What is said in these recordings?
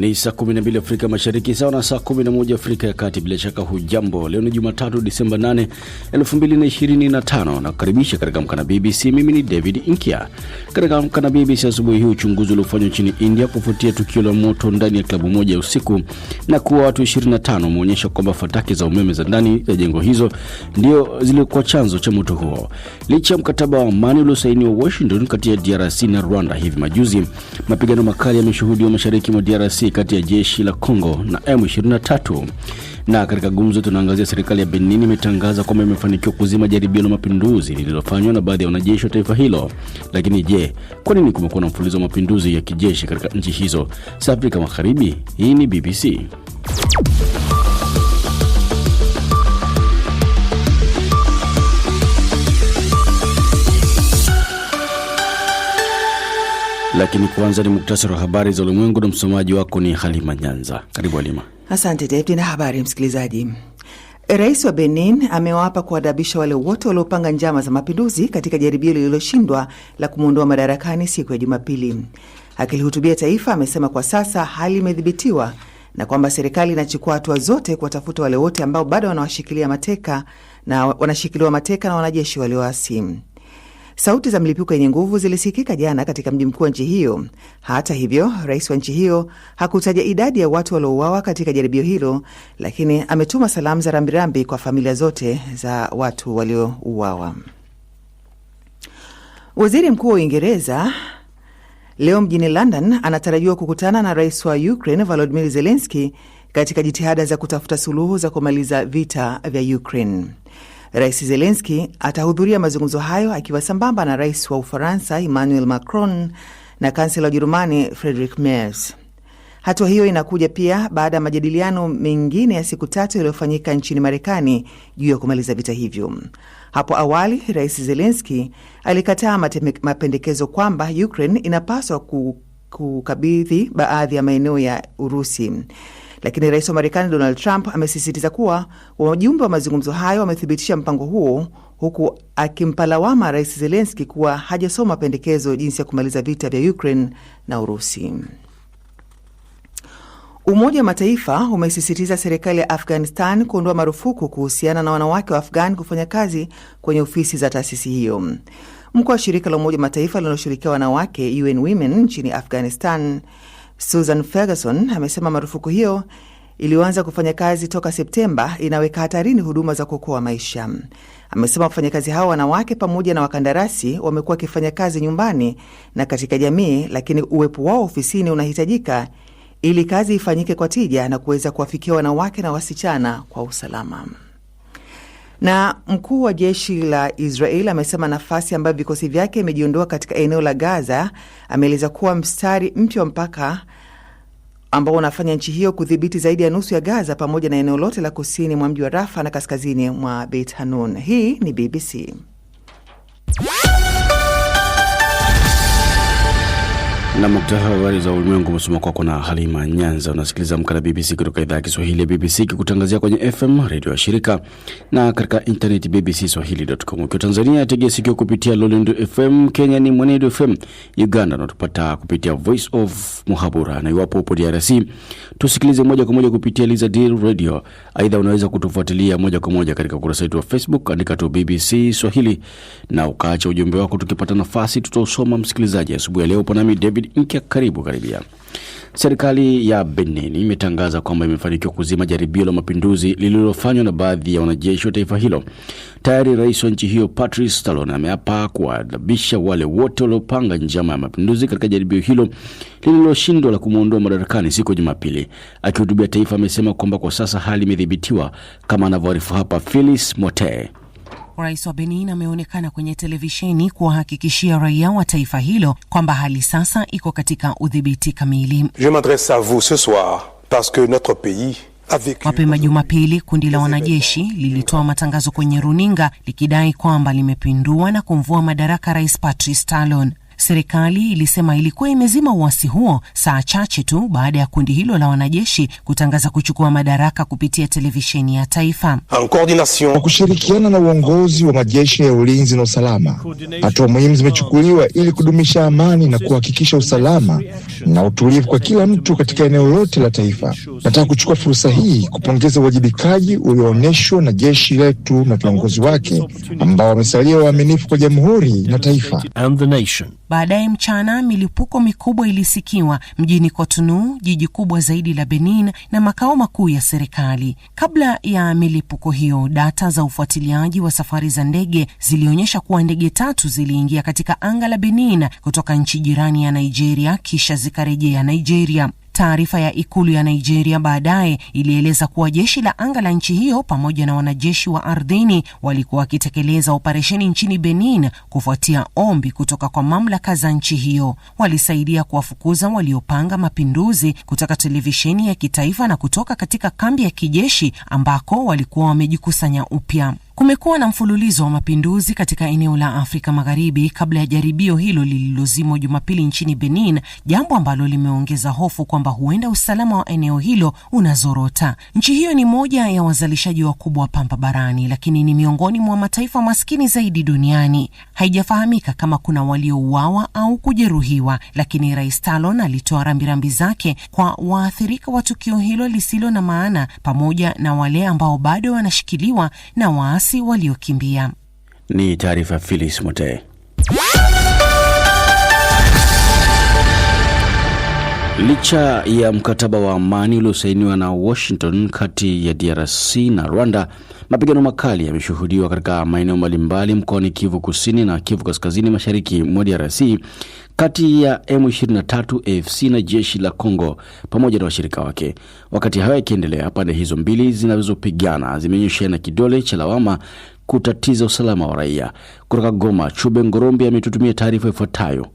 Ni saa 12 Afrika Mashariki, sawa na saa 11 Afrika ya Kati. Bila shaka hujambo. Leo ni Jumatatu, Disemba 8, 2025 na katika mkana BBC. Mimi ni David Inkia. Katika mkana BBC asubuhi hii, uchunguzi uliofanywa nchini India kufuatia tukio la moto ndani ya klabu moja ya usiku na kuwa watu 25 umeonyesha kwamba fataki za umeme za ndani za jengo hizo ndio zilikuwa chanzo cha moto huo. Licha ya mkataba wa amani uliosainiwa Washington kati ya DRC na Rwanda hivi majuzi, mapigano makali yameshuhudiwa mashariki mwa DRC kati ya jeshi la Kongo na M23. Na katika gumzo tunaangazia, serikali ya Benin imetangaza kwamba imefanikiwa kuzima jaribio la mapinduzi lililofanywa na baadhi ya wanajeshi wa taifa hilo. Lakini je, kwa nini kumekuwa na mfululizo wa mapinduzi ya kijeshi katika nchi hizo za Afrika Magharibi? Hii ni BBC. Lakini kwanza ni muktasari wa habari za ulimwengu na msomaji wako ni Halima Nyanza. Karibu Halima. Asante David na habari msikilizaji. Rais wa Benin amewapa kuadabisha wale wote waliopanga njama za mapinduzi katika jaribio lililoshindwa la kumwondoa madarakani siku ya Jumapili. Akilihutubia taifa, amesema kwa sasa hali imedhibitiwa na kwamba serikali inachukua hatua zote kuwatafuta wale wote ambao bado wanawashikilia mateka na wanashikiliwa mateka na wanajeshi walioasi. Sauti za mlipuko yenye nguvu zilisikika jana katika mji mkuu wa nchi hiyo. Hata hivyo, rais wa nchi hiyo hakutaja idadi ya watu waliouawa katika jaribio hilo, lakini ametuma salamu za rambirambi kwa familia zote za watu waliouawa. Waziri Mkuu wa Uingereza leo mjini London anatarajiwa kukutana na rais wa Ukraine Volodimir zelenski katika jitihada za kutafuta suluhu za kumaliza vita vya Ukraine. Rais Zelenski atahudhuria mazungumzo hayo akiwa sambamba na rais wa Ufaransa Emmanuel Macron na kansela wa Ujerumani Friedrich Merz. Hatua hiyo inakuja pia baada ya majadiliano mengine ya siku tatu yaliyofanyika nchini Marekani juu ya kumaliza vita hivyo. Hapo awali, Rais Zelenski alikataa mapendekezo kwamba Ukraine inapaswa kukabidhi baadhi ya maeneo ya Urusi lakini rais wa Marekani Donald Trump amesisitiza kuwa wajumbe wa mazungumzo hayo wamethibitisha mpango huo, huku akimpalawama rais Zelenski kuwa hajasoma pendekezo jinsi ya kumaliza vita vya Ukraine na Urusi. Umoja wa Mataifa umesisitiza serikali ya Afghanistan kuondoa marufuku kuhusiana na wanawake wa afghan kufanya kazi kwenye ofisi za taasisi hiyo. Mkuu wa shirika la Umoja wa Mataifa linaloshirikia wanawake UN Women nchini Afghanistan Susan Ferguson amesema marufuku hiyo iliyoanza kufanya kazi toka Septemba inaweka hatarini huduma za kuokoa maisha. Amesema wafanyakazi hao wanawake pamoja na wakandarasi wamekuwa wakifanya kazi nyumbani na katika jamii, lakini uwepo wao ofisini unahitajika ili kazi ifanyike kwa tija na kuweza kuwafikia wanawake na wasichana kwa usalama. Na mkuu wa jeshi la Israel amesema nafasi ambayo vikosi vyake imejiondoa katika eneo la Gaza, ameeleza kuwa mstari mpya wa mpaka ambao unafanya nchi hiyo kudhibiti zaidi ya nusu ya Gaza pamoja na eneo lote la kusini mwa mji wa Rafa na kaskazini mwa Beit Hanun. Hii ni BBC. na muktasari wa habari za ulimwengu umesoma kwako na Halima Nyanza. Unasikiliza mkala BBC kutoka idhaa ya Kiswahili ya BBC kikutangazia kwenye FM redio ya shirika na katika intaneti BBC Swahili.com. Ukiwa Tanzania tegea sikio kupitia Lolendo FM, Kenya ni mwenedo FM, Uganda unatupata kupitia Voice of Muhabura, na iwapo upo DRC tusikilize moja kwa moja kupitia lizad Radio. Aidha, unaweza kutufuatilia moja kwa moja katika ukurasa wetu wa Facebook, andika tu BBC Swahili na ukaacha ujumbe wako, tukipata nafasi tutausoma msikilizaji. Asubuhi ya leo upo nami David ncha karibu karibia. Serikali ya Benin imetangaza kwamba imefanikiwa kuzima jaribio la mapinduzi lililofanywa na baadhi ya wanajeshi wa taifa hilo. Tayari rais wa nchi hiyo Patrice Talon ameapa kuwaadabisha wale wote waliopanga njama ya mapinduzi katika jaribio hilo lililoshindwa la kumwondoa madarakani siku ya Jumapili. Akihutubia taifa, amesema kwamba kwa sasa hali imedhibitiwa, kama anavyoarifu hapa Phyllis Motee. Rais wa Benin ameonekana kwenye televisheni kuwahakikishia raia wa taifa hilo kwamba hali sasa iko katika udhibiti kamili. Je m'adresse a vous ce soir parce que notre pays Mapema Jumapili, kundi la wanajeshi lilitoa matangazo kwenye runinga likidai kwamba limepindua na kumvua madaraka Rais Patrice Talon. Serikali ilisema ilikuwa imezima uasi huo saa chache tu baada ya kundi hilo la wanajeshi kutangaza kuchukua madaraka kupitia televisheni ya taifa. Kwa kushirikiana na uongozi wa majeshi ya ulinzi na usalama, hatua muhimu zimechukuliwa ili kudumisha amani na kuhakikisha usalama na utulivu kwa kila mtu katika eneo lote la taifa. Nataka kuchukua fursa hii kupongeza uwajibikaji ulioonyeshwa na jeshi letu na viongozi wake ambao wamesalia waaminifu kwa jamhuri na taifa. Baadaye mchana milipuko mikubwa ilisikiwa mjini Cotonou, jiji kubwa zaidi la Benin na makao makuu ya serikali. Kabla ya milipuko hiyo, data za ufuatiliaji wa safari za ndege zilionyesha kuwa ndege tatu ziliingia katika anga la Benin kutoka nchi jirani ya Nigeria kisha zikarejea Nigeria. Taarifa ya ikulu ya Nigeria baadaye ilieleza kuwa jeshi la anga la nchi hiyo pamoja na wanajeshi wa ardhini walikuwa wakitekeleza operesheni nchini Benin kufuatia ombi kutoka kwa mamlaka za nchi hiyo. Walisaidia kuwafukuza waliopanga mapinduzi kutoka televisheni ya kitaifa na kutoka katika kambi ya kijeshi ambako walikuwa wamejikusanya upya. Kumekuwa na mfululizo wa mapinduzi katika eneo la Afrika Magharibi kabla ya jaribio hilo lililozimwa Jumapili nchini Benin, jambo ambalo limeongeza hofu kwamba huenda usalama wa eneo hilo unazorota. Nchi hiyo ni moja ya wazalishaji wakubwa wa pamba barani, lakini ni miongoni mwa mataifa maskini zaidi duniani. Haijafahamika kama kuna waliouawa au kujeruhiwa, lakini Rais Talon alitoa rambirambi zake kwa waathirika wa tukio hilo lisilo na maana pamoja na wale ambao bado wanashikiliwa na waasi waasi waliokimbia. Ni taarifa Filis mote Licha ya mkataba wa amani uliosainiwa na Washington kati ya DRC na Rwanda Mapigano makali yameshuhudiwa katika maeneo mbalimbali mkoani Kivu Kusini na Kivu Kaskazini Mashariki mwa DRC kati ya M23 AFC na jeshi la congo pamoja na washirika wake. Wakati hayo yakiendelea, pande hizo mbili zinazopigana na kidole cha lawama kutatiza usalama wa raia. Kutoka Goma, Chube Ngorombi ametutumia taarifa ifuatayo.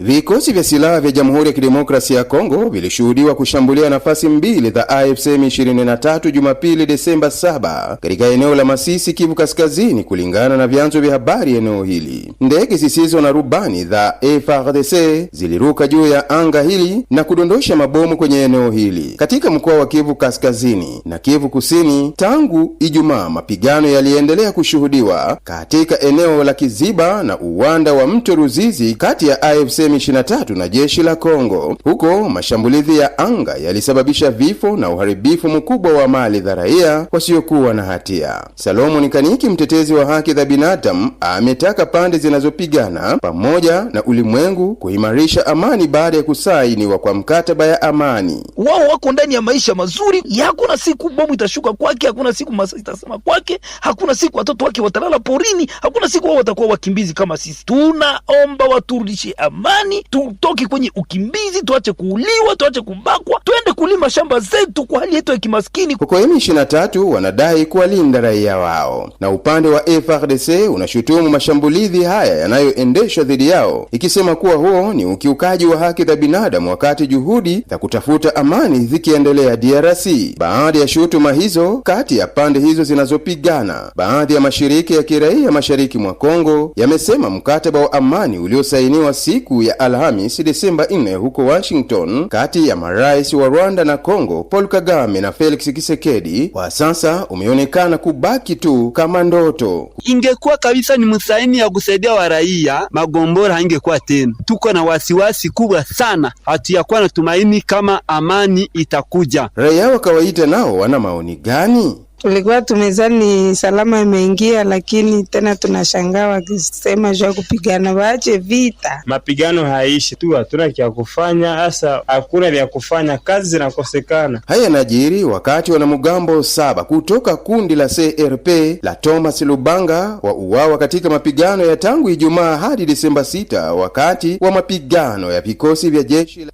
Vikosi vya silaha vya Jamhuri ya Kidemokrasia ya Kongo vilishuhudiwa kushambulia nafasi mbili za AFC M23 Jumapili Desemba 7 katika eneo la Masisi, Kivu Kaskazini, kulingana na vyanzo vya habari eneo hili. Ndege zisizo na rubani za FARDC ziliruka juu ya anga hili na kudondosha mabomu kwenye eneo hili katika mkoa wa Kivu Kaskazini na Kivu Kusini. Tangu Ijumaa, mapigano yaliendelea kushuhudiwa katika eneo la Kiziba na uwanda wa mto Ruzizi kati ya AFC M23 na jeshi la Kongo. Huko mashambulizi ya anga yalisababisha vifo na uharibifu mkubwa wa mali za raia wasiokuwa na hatia. Salomon Kaniki, mtetezi wa haki za binadamu, ametaka pande zinazopigana pamoja na ulimwengu kuimarisha amani baada ya kusainiwa kwa mkataba ya amani. Wao wako ndani ya maisha mazuri, hakuna siku bomu itashuka kwake, hakuna siku masasi itasema kwake, hakuna siku watoto wake watalala porini, hakuna siku wao watakuwa wakimbizi kama sisi. Tunaomba waturudishe amani amani, tutoke kwenye ukimbizi, tuache kuuliwa, tuache kubakwa, twende kulima shamba zetu kwa hali yetu ya kimaskini. Huko M23 wanadai kuwalinda raia wao, na upande wa frdc unashutumu mashambulizi haya yanayoendeshwa dhidi yao, ikisema kuwa huo ni ukiukaji wa haki za binadamu, wakati juhudi za kutafuta amani zikiendelea DRC. Baada ya shutuma hizo kati ya pande hizo zinazopigana, baadhi ya mashirika ya kiraia mashariki mwa Kongo yamesema mkataba wa amani uliosainiwa siku ya Alhamisi Desemba 4 huko Washington kati ya marais wa Rwanda na congo Paul Kagame na Felix Tshisekedi kwa sasa umeonekana kubaki tu kama ndoto. Ingekuwa kabisa ni msaini ya kusaidia wa raia, magombora haingekuwa tena. Tuko na wasiwasi kubwa sana, hatuyakuwa na tumaini kama amani itakuja. Raia wa kawaida nao wana maoni gani? tulikuwa tumezani salama imeingia, lakini tena tunashangaa wakisema jua kupigana, waache vita, mapigano haishi tu, hatuna cha kufanya hasa, hakuna vya kufanya, kazi zinakosekana. Haya najiri wakati wanamgambo saba kutoka kundi la CRP la Thomas Lubanga wa uawa katika mapigano ya tangu Ijumaa hadi Disemba sita wakati wa mapigano ya vikosi vya jeshi la...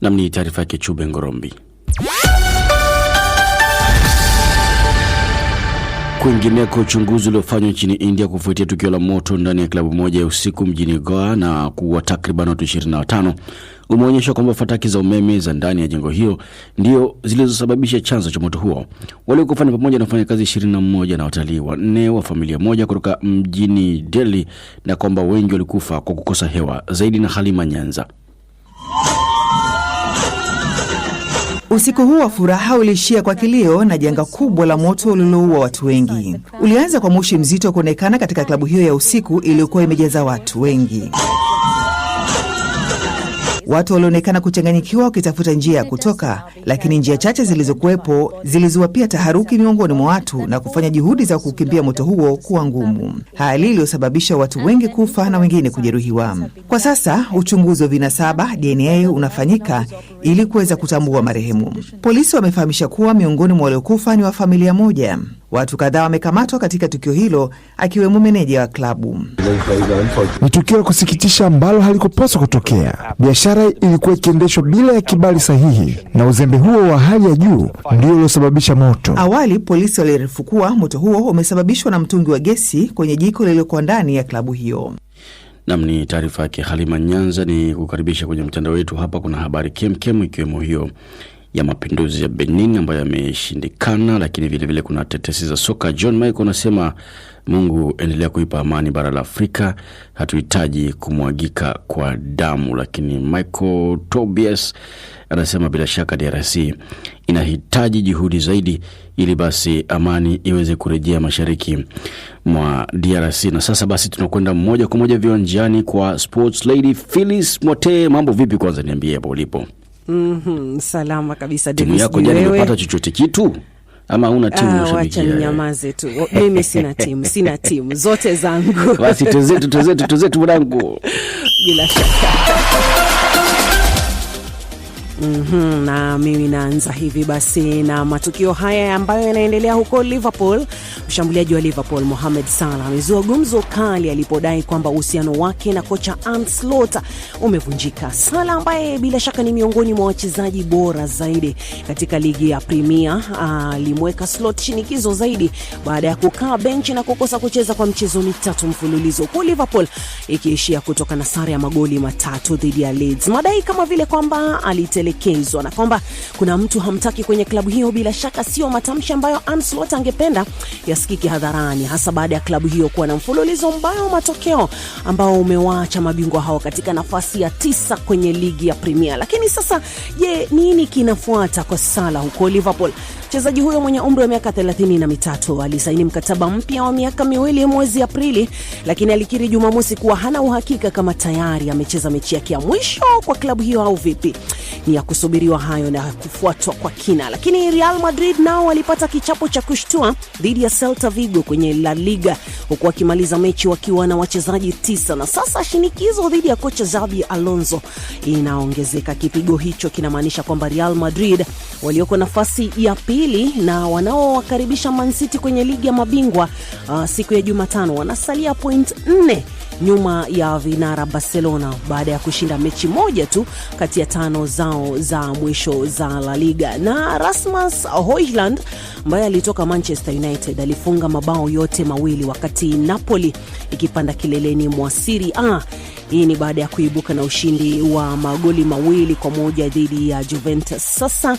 namni taarifa yake Chube Ngorombi. Kwingineko, uchunguzi uliofanywa nchini India kufuatia tukio la moto ndani ya klabu moja ya usiku mjini Goa na kuua takriban watu 25 umeonyesha kwamba fataki za umeme za ndani ya jengo hiyo ndio zilizosababisha chanzo cha moto huo. Waliokufa ni pamoja na wafanyakazi 21 na watalii wanne wa familia moja kutoka mjini Delhi, na kwamba wengi walikufa kwa kukosa hewa. Zaidi na Halima Nyanza. Usiku huu wa furaha uliishia kwa kilio na janga kubwa la moto uliloua watu wengi. Ulianza kwa moshi mzito kuonekana katika klabu hiyo ya usiku iliyokuwa imejaza watu wengi. Watu walionekana kuchanganyikiwa wakitafuta njia ya kutoka, lakini njia chache zilizokuwepo zilizua pia taharuki miongoni mwa watu na kufanya juhudi za kukimbia moto huo kuwa ngumu, hali iliyosababisha watu wengi kufa na wengine kujeruhiwa. Kwa sasa uchunguzi wa vinasaba DNA unafanyika ili kuweza kutambua marehemu. Polisi wamefahamisha kuwa miongoni mwa waliokufa ni wa familia moja. Watu kadhaa wamekamatwa katika tukio hilo akiwemo meneja wa klabu. Ni tukio la kusikitisha ambalo halikupaswa kutokea. Biashara ilikuwa ikiendeshwa bila ya kibali sahihi, na uzembe huo wa hali ya juu ndio uliosababisha moto. Awali polisi waliarifu kuwa moto huo umesababishwa na mtungi wa gesi kwenye jiko lililokuwa ndani ya klabu hiyo. Nam ni taarifa yake Halima Nyanza. Ni kukaribisha kwenye mtandao wetu, hapa kuna habari kemkem ikiwemo hiyo ya mapinduzi ya Benin ambayo yameshindikana, lakini vilevile vile kuna tetesi za soka. John Michael anasema Mungu endelea kuipa amani bara la Afrika, hatuhitaji kumwagika kwa damu. Lakini Michael Tobias anasema bila shaka DRC inahitaji juhudi zaidi, ili basi amani iweze kurejea mashariki mwa DRC. Na sasa basi tunakwenda moja kwa moja viwanjani kwa sports lady Phyllis Mwatee. Mambo vipi? Kwanza niambie hapo ulipo mm -hmm, salama kabisa. Timu yako jana imepata chochote kitu ama una timu? Ah, wacha ninyamaze tu, mimi sina timu, sina timu zote zangu. Basi tuzetu tuzetu tuzetu mwanangu, bila shaka Mm -hmm, na mimi naanza hivi basi na matukio haya ambayo yanaendelea huko Liverpool. Mshambuliaji wa Liverpool Mohamed Salah amezua gumzo kali alipodai kwamba uhusiano wake na kocha Arne umevunjika. Salah ambaye bila shaka ni miongoni mwa wachezaji bora zaidi katika ligi ya Premier alimweka Slot shinikizo zaidi baada ya kukaa benchi na kukosa kucheza kwa mchezo mitatu mfululizo, huku Liverpool ikiishia kutoka na sare ya magoli matatu dhidi ya Leeds. Madai kama vile kwamba alite kuelekezwa, na kwamba kuna mtu hamtaki kwenye klabu hiyo, bila shaka sio matamshi ambayo Ancelotti angependa yasikike hadharani, hasa baada ya klabu hiyo kuwa na mfululizo mbaya wa matokeo ambao umewaacha mabingwa hao katika nafasi ya tisa kwenye ligi ya Premier. Lakini sasa, je, nini kinafuata kwa Salah huko Liverpool? Mchezaji huyo mwenye umri wa miaka 33 alisaini mkataba mpya wa miaka miwili mwezi Aprili, lakini alikiri Jumamosi kuwa hana uhakika kama tayari amecheza mechi yake ya mwisho kwa klabu hiyo au vipi. Ni ya kusubiriwa hayo na kufuatwa kwa kina, lakini Real Madrid nao walipata kichapo cha kushtua dhidi ya Celta Vigo kwenye La Liga, huku wakimaliza mechi wakiwa na wachezaji tisa, na sasa shinikizo dhidi ya kocha Xabi Alonso inaongezeka. Kipigo hicho kinamaanisha kwamba Real Madrid walioko nafasi ya pili hili na wanaowakaribisha Man City kwenye ligi ya mabingwa uh, siku ya Jumatano wanasalia point nne nyuma ya vinara Barcelona baada ya kushinda mechi moja tu kati ya tano zao za mwisho za La Liga. Na Rasmus Hojlund ambaye alitoka Manchester United alifunga mabao yote mawili wakati Napoli ikipanda kileleni mwa Serie A. Hii ni baada ya kuibuka na ushindi wa magoli mawili kwa moja dhidi ya Juventus. Sasa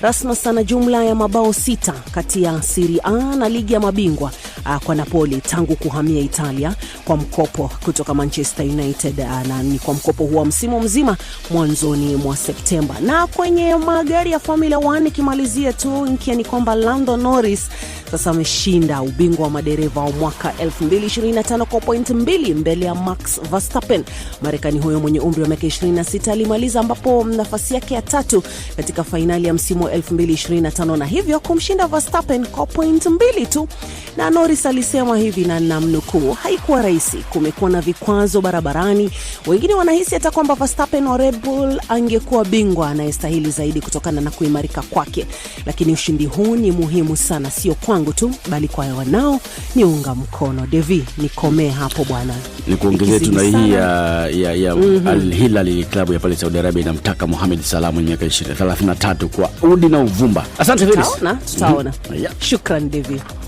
rasma sana jumla ya mabao sita kati ya Serie A na ligi ya mabingwa ah, kwa Napoli tangu kuhamia Italia kwa mkopo kutoka Manchester United, ah, na ni kwa mkopo huwa msimu mzima mwanzoni mwa Septemba. Na kwenye magari ya Formula 1 ikimalizia tu nkia ni kwamba Lando Norris sasa ameshinda ubingwa wa madereva wa mwaka 2025 kwa point mbili mbele ya Max Verstappen. Marekani huyo mwenye umri wa miaka 26 alimaliza ambapo nafasi yake ya tatu katika fainali ya msimu wa 2025 na hivyo kumshinda Verstappen kwa point mbili tu. Na Norris alisema hivi na namnukuu, haikuwa rahisi, kumekuwa na vikwazo barabarani. Wengine wanahisi hata kwamba Verstappen wa Red Bull angekuwa bingwa anayestahili zaidi kutokana na kuimarika kwake, lakini ushindi huu ni muhimu sana, sio kwangu tu, bali kwa wanao ni unga mkono. Devi, nikomee hapo bwana, nikuongezee tuna hii ya, ya, ya mm -hmm. Al Hilal klabu ya pale Saudi Arabia inamtaka Mohamed Salah mwenye miaka 33 kwa Udi na Uvumba. Asante Felix. Tutaona. Mm-hmm. Shukrani Devi.